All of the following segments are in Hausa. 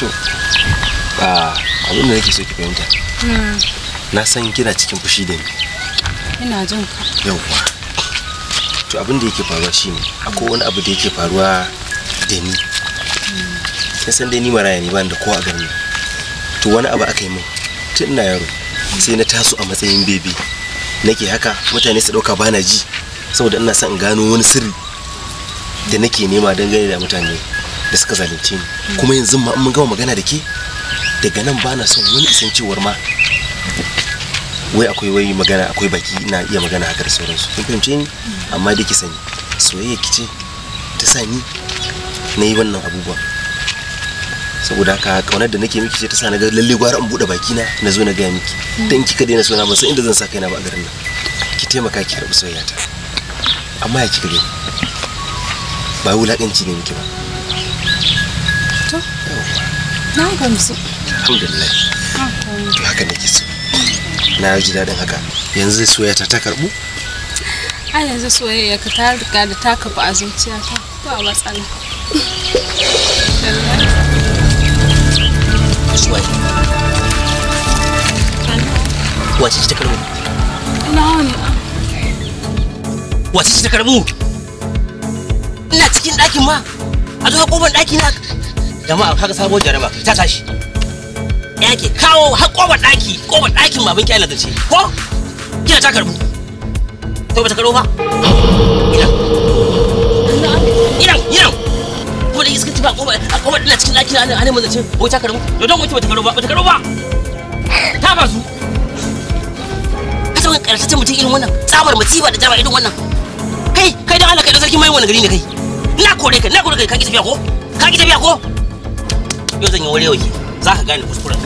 to abin da nake so ki fahimta hmm. na san kina cikin fushi da ni ina jin ka to abin da yake faruwa shine akwai wani abu da yake faruwa da ni hmm. kin san dai ni maraya ne ba da kowa a garin to wani abu aka yi min tun ina yaro sai na taso a matsayin bebe nake haka mutane su dauka bana ji saboda ina son in gano wani sirri da nake nema dangane da mutane da suka zalunce ni kuma yanzu ma mun gama magana da ke daga nan ba na son wani isan cewar ma wai akwai wai magana akwai baki ina iya magana haka da sauransu kin fahimce ni amma da ki sani soyayya ki ta sa ni na yi wannan abubuwa saboda haka kaunar da nake miki ce ta sa na ga lalle gwara in bude baki na na zo na gaya miki dan kika daina sona ban san inda zan sa kaina ba a garin nan ki taimaka ki karbi soyayya ta amma ya kika ba wulakanci ne miki ba na gamsu alhamdulillah to haka nake so na ji daɗin haka yanzu soyayya ta ta karɓu a yanzu soyayya ka ta riga da ta kafa a zuciyata ba matsala wace ce ta karɓu ina ne wace ce ta karɓu ina cikin ɗakin ma a zuwa ƙofar ɗakin na jama'a kaga sabo jaraba ta tashi yake kawo har koba daki koba dakin baban ki Allah ce ko kina ta karbu to bata karo ba ina ina ina ko da iska tiba koba koba dina cikin daki ana ana mazace ko ta karbu to don wace bata karo ba bata karo ba ta bazu ka san karshe mutun irin wannan tsabar musiba da jaba irin wannan kai kai dan Allah kai da sarki mai wannan gari ne kai na kore ka na kore kai ka ki tafiya ko ka ki tafiya ko yau zan yi warewa ki za ka gane kuskuren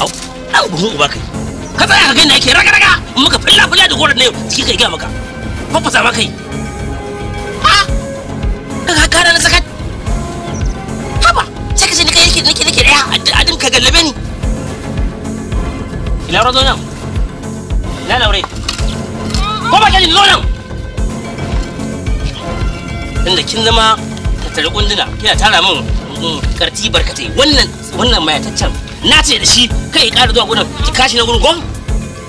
au an buhun uba kai ka tsaya ka gani ake raga raga in muka filla filla da goron na yau jiki kai ga maka fafasa ma kai ha ga kara na sakat haba sai ka ce kai yake nake nake daya adin ka gallabe ni ila rodo nan la laure ko ba ka ni nan. tunda kin zama tattare kunduna kina tara min karti barkatai wannan wannan mayataccen na ce da shi kai ƙara zuwa gurin ki kashi na gurin gom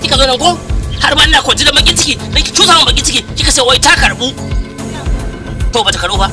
kika zo nan ko har ma ina kwanci da bakin ciki nake cusa min ciki kika sai wai ta karbu to ta karbu ba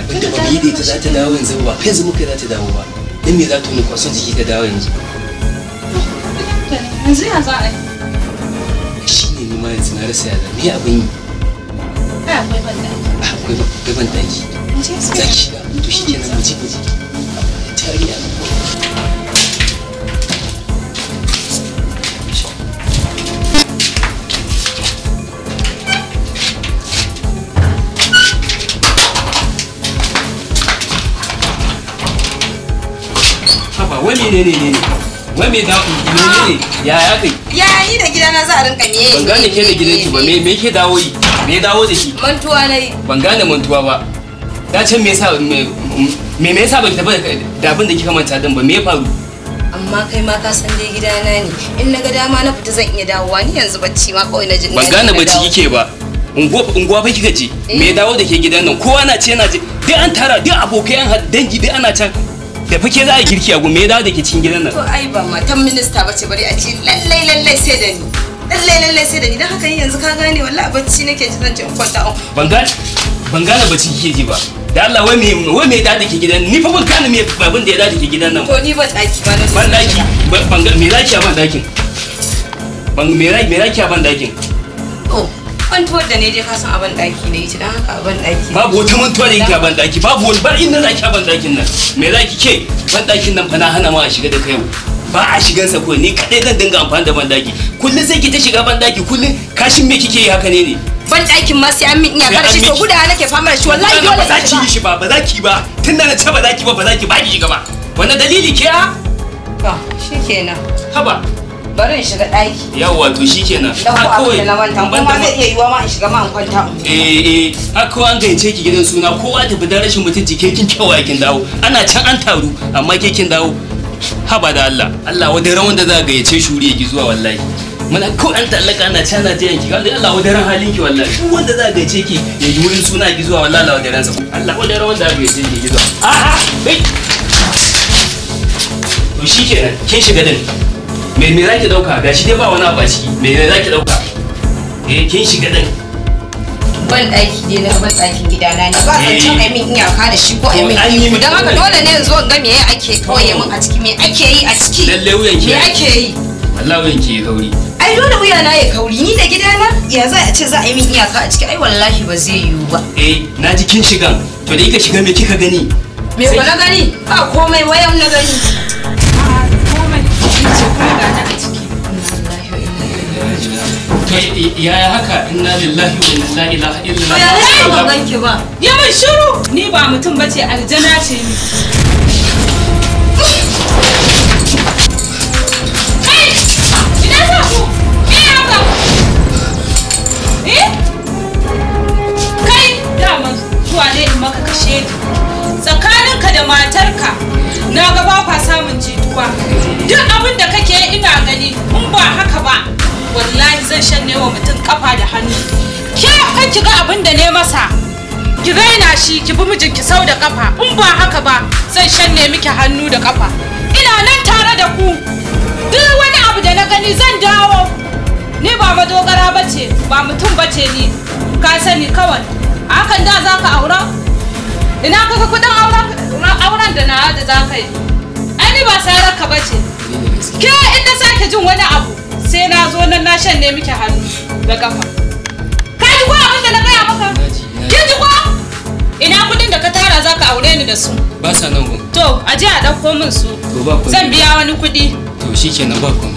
abinda ba mu daidaita za ta dawo yanzu ba kai yanzu za ta dawo ba dan me za ta wani kwason jiki ta dawo yanzu yanzu ya za a yi shi ne ni ma yanzu na rasa yaza me abin yi akwai ban daki ah, akwai ban daki za ki shiga to shi kenan mu ji mu ji wai me ne ne ne wai me da ne ne ya ya kai ya yi da gidana za a rinka me ban gane ke da ki ba me me ke dawo yi me dawo da shi mantuwa nayi ban gane mantuwa ba da can me yasa me me yasa ban tabbata da abin da kika manta din ba me ya faru amma kai ma ka san dai gidana ne in na ga dama na fita zan iya dawowa ni yanzu bacci ma kawai na jin ban gane bacci kike ba unguwa fa kika je me ya eh. dawo da ke gidan nan kowa na ce na je dai an tara dai abokai an dangi dai ana can da fake za a girki a gun da da ke cikin gidan nan to ai ba matan minista bace bari a ce lallai lallai sai da ni lallai lallai sai da ni dan haka yanzu ka gane wallahi bacci nake ji zan ji in kwanta ban ga ban gane bacci kike ji ba da Allah wai me wai me da da ke gidan ni fa ban kana me babun da ya da da ke gidan nan to ni ba daki ba na. ban daki ban ga me daki a ban dakin ban me daki me zaki a ban dakin oh mantuwar da ne je ka san abin daki ne ce dan haka abin daki babu wata mantuwa da yake abin daki babu wani bar inda zaki abin dakin nan me zaki ke ban dakin nan fa na hana ma a shiga da kai ba a shigan sa ko ni kadai zan dinga amfani da ban daki kullun sai ki ta shiga ban daki kullun kashin me kike yi haka ne ne ban dakin ma sai an min iya karshe to guda nake fama da shi wallahi dole ba za ki yi shi ba ba za ki ba tun da na ce ba za ki ba ba za ki ba ki shiga ba wannan dalili ke ha ba shikenan haba bari in shiga ɗaki yawa to shikenan a kawai na manta kuma zai iya yiwa ma in shiga ma in kwanta eh eh a kawai an gayyace ki gidan suna kowa tafi da rashin mutunci ke kin kyawa kin dawo ana can an taru amma ke kin dawo haba da Allah Allah wani ran wanda za a gayyace shuri yake zuwa wallahi Mana ko an tallaka ana can na tayanki ga Allah wani ran halin ki wallahi duk wanda za a gayyace ki ya ji wurin suna ki zuwa wallahi Allah wani ran sa Allah wani ran wanda za a gayyace ki zuwa a'a to shikenan kin shiga din me me zaki dauka shi dai ba wani abu a ciki me me zaki dauka eh kin shiga din ban daki dai na ban dakin gidana ne ba san can eh. ai min iyaka da shi ko ai min iko dan haka dole ne yanzu ga me yayi ake koye min a ciki me ake yi a ciki lalle wuyan ki me ake yi wallahi wuyan ki kauri ai dole wuya na ya kauri ni da gidana ya za a ce za a yi min iyaka a ciki ai wallahi ba zai yiwu ba eh na ji kin shigan to da kika shiga me kika gani me wala gani ba komai wayan na gani kai kuma ga yaya haka inna lillahi wa inna ilaha illallah ya ne ba ganki ba ya mai shiru ni ba mutum bace aljana ce ni Kai eh? ni tsakaninka da matarka na ga ba kwa samun jituwa duk abin da kake ina gani in ba haka ba wallahi zan shanne wa mutum kafa da hannu ke kan ki ga abin da ne masa ki raina shi ki bi ki sau da kafa in ba haka ba zan shanne miki hannu da kafa ina nan tare da ku duk wani abu da na gani zan dawo ni ba madogara bace ba mutum bace ni ka sani kawai hakan da za ka aura Ina kuka kudin auren da na da za ka yi. Ai ba sarar ka bace. Ke in na sake jin wani abu sai na zo nan na shan ne miki hannu da kafa. Ka ji ko abin da na gaya maka? Ki ji ko? Ina kudin da ka tara za ka aure ni da su. Ba sa nan gun. To, a ji a ɗauko min su. Zan biya wani kuɗi. To, shi kenan ba kuma.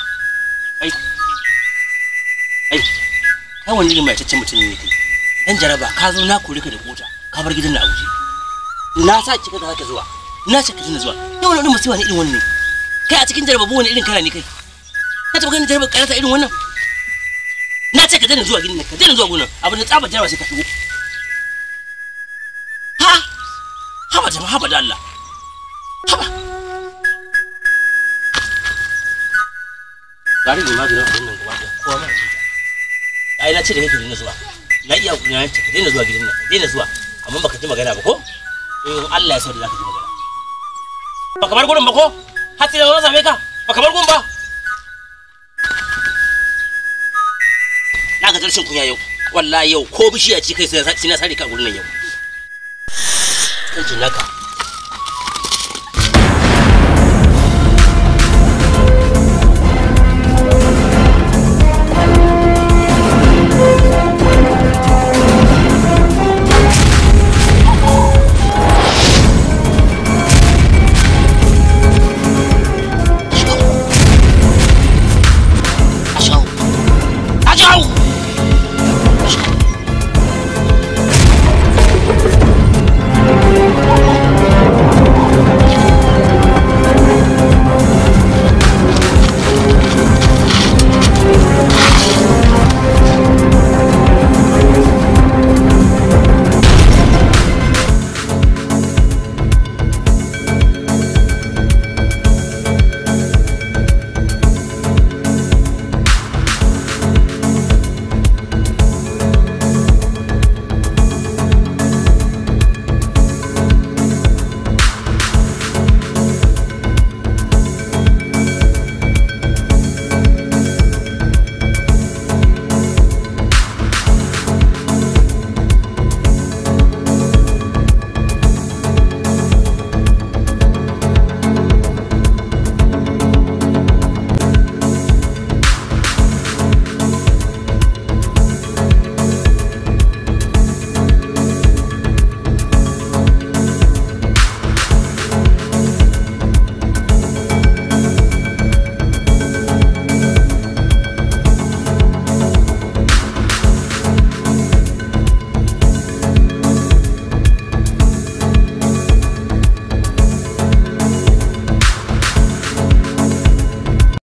kai wani irin maitaccen mutum ne kai dan jaraba ka zo na kore ka da kota ka bar gidan na aure na sa kika da zaka zuwa na ce ka tana zuwa ni wani irin musiba ne irin wannan kai a cikin jaraba wani irin kana ne kai na taɓa ganin jaraba karata irin wannan na ce ka dana zuwa gidan ka dana zuwa gona abin da tsaba jaraba sai ka shigo ha haba jama'a haba da Allah ba gari ne ma gidan wannan ai na ce da kake daina zuwa na iya na ce ka zuwa gidan nan ka zuwa amma baka ji magana ba ko in eh, Allah ya so da zaka ji magana baka bar gurin ba ko har sai na same ka baka bar gurin ba na ga tarshen kunya yau wallahi yau ko bishiya ce kai sai na sare ka gurin nan yau kan jinaka